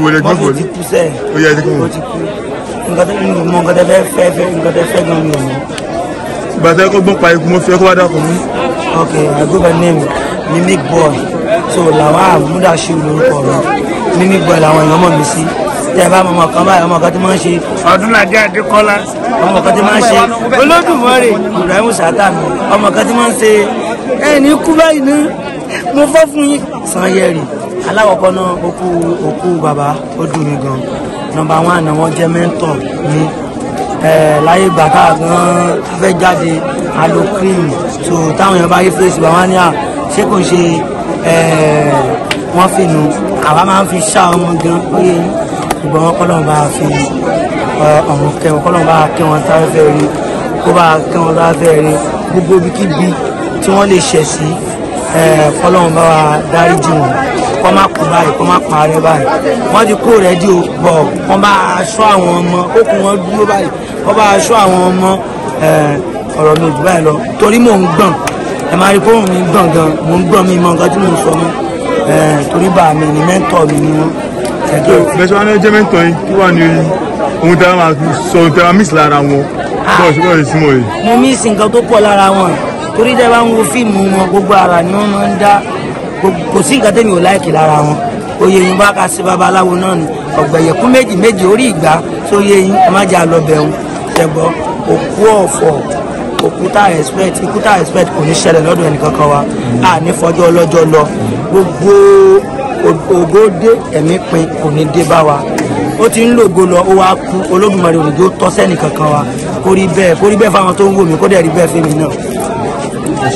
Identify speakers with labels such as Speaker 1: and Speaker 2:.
Speaker 1: mo lè gbé fún mi. mo ti kú sẹ́ẹ̀. ó yẹ ẹ ti kú. mo ti kú nǹkan tẹ́ mo nǹkan tẹ́ fẹ́ fẹ́ fẹ́ nǹkan tẹ́ fẹ́ gan mi ò mọ̀. ìgbà tẹ́ kó gbọ́n pa ikú mo fẹ́ kó wá dàpọ̀ mú. ok I go by name mimic boy so Lawal Mudashiru lórúkọ rẹ mimic boy làwọn èèyàn mọ̀ mí sí tẹ bá ọmọ kan báyìí ọmọ kan tí máa ń ṣe. ọdúnládé adékọ́lá. ọmọ kan tí máa ń ṣe olódùmọ̀rè ibrahim satan ọmọ kan tí máa ń ṣe ẹni kú báyìí ní mo fọ́ fún yín sanyẹ̀rì alákọ̀ọ́kọ́ náà òkú òkú bàbá ó dùn mí gan nọ́mbà wọn àná wọn jẹ́ mẹ́ńtọ̀ mi láyé ìgbà káà gan fẹ́ jáde alo cream so táwọn èèyàn bá rí face bàbá ní à ṣé kò ṣe wọ́n fi nù àwa máa ń fi ṣá ọmọ gan pé ìgbà wọn kọ́lọ́ bá fi ọ̀hún kẹ́ wọn kọ́lọ́ bá kẹ́ wọn sáré fẹ́ rí kó bá kẹ́ wọn sáré fẹ́ rí gbogbo ibikíbi tí wọ́n lè ṣẹ̀ sí fọlọ́run eh, bá wa dáríjì wọn kọ́ má kú báyìí kọ́ má parẹ́ báyìí wọ́n ti kó rẹ́dí o bọ̀ wọ́n bá aṣọ àwọn ọmọ ó kún wọn dúró báyìí wọ́n bá aṣọ àwọn ọmọ eh, ọ̀rọ̀ mi ò jù báyìí lọ torí mò ń gbọ̀n ẹ máa rí fóònù mi gbọ̀n gan mò ń gbọ̀n mi mọ nǹkan tí mò ń sọ mọ́ eh, torí bá mi ni mẹ́ńtọ̀ mi ni wọ́n. bẹ́sẹ̀ wọn jẹ́ mẹ́ńtọ̀ yìí kí wàá ní ohun tí a máa sọ ohun tí a máa mí torí tẹ́ bá ń wo fíìmù wọn gbogbo ara ni wọ́n máa ń dá kò sí nǹkan tẹ́mi ò láìkì lára wọn oyè yín bá ka sí babaláwo náà ni ọ̀gbẹ̀yẹ̀kú méjì méjì orí ìgbà tó yé yín ẹ má lọ bẹ̀rù tẹ̀gbọ́ òkú ọ̀fọ̀ òkúta respect òkúta respect kò ní ṣẹlẹ̀ lọ́dọ̀ ẹnì wa a ní fọjọ́ ọlọ́jọ́ lọ gbogbo ògòdè ẹ̀mí pin kò ní dé bá wa ó ti ń lògo lọ ó wá kú Olódùmarè òrìjó tọ́ sẹ́nì wa kó rí bẹ́ẹ̀ kó rí bẹ́ẹ̀ fáwọn tó ń wò mí kó dẹ̀ rí bẹ́ẹ̀ fún mi náà.